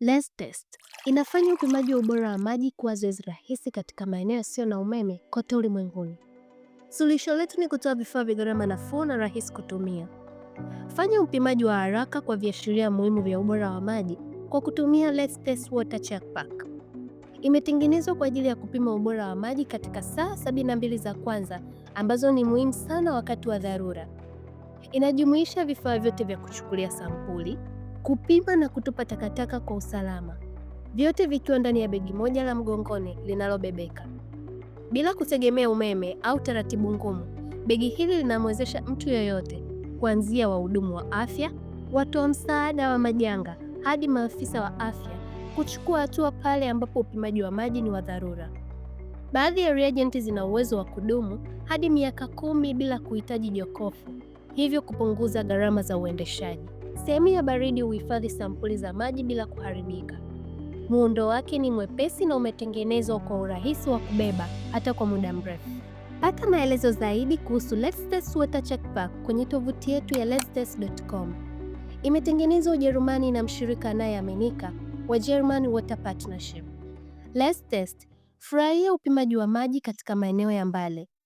Less Test inafanya upimaji wa ubora wa maji kuwa zoezi rahisi katika maeneo yasiyo na umeme kote ulimwenguni. Suluhisho letu ni kutoa vifaa vya gharama nafuu na rahisi kutumia. Fanya upimaji wa haraka kwa viashiria muhimu vya ubora wa maji kwa kutumia Less Test Water Check Pack. Imetengenezwa kwa ajili ya kupima ubora wa maji katika saa 72 za kwanza ambazo ni muhimu sana wakati wa dharura. Inajumuisha vifaa vyote vya kuchukulia sampuli kupima na kutupa takataka kwa usalama, vyote vikiwa ndani ya begi moja la mgongoni linalobebeka. Bila kutegemea umeme au taratibu ngumu, begi hili linamwezesha mtu yoyote, kuanzia wahudumu wa afya, watoa msaada wa majanga hadi maafisa wa afya, kuchukua hatua pale ambapo upimaji wa maji ni wa dharura. Baadhi ya reagent zina uwezo wa kudumu hadi miaka kumi bila kuhitaji jokofu, hivyo kupunguza gharama za uendeshaji. Sehemu ya baridi huhifadhi sampuli za maji bila kuharibika. Muundo wake ni mwepesi na umetengenezwa kwa urahisi wa kubeba hata kwa muda mrefu. Pata maelezo zaidi kuhusu Let's Test Check Pack kwenye tovuti yetu ya letstest.com. Imetengenezwa Ujerumani na mshirika anayeaminika wa German Water Partnership. Let's Test, furahia upimaji wa maji katika maeneo ya mbali.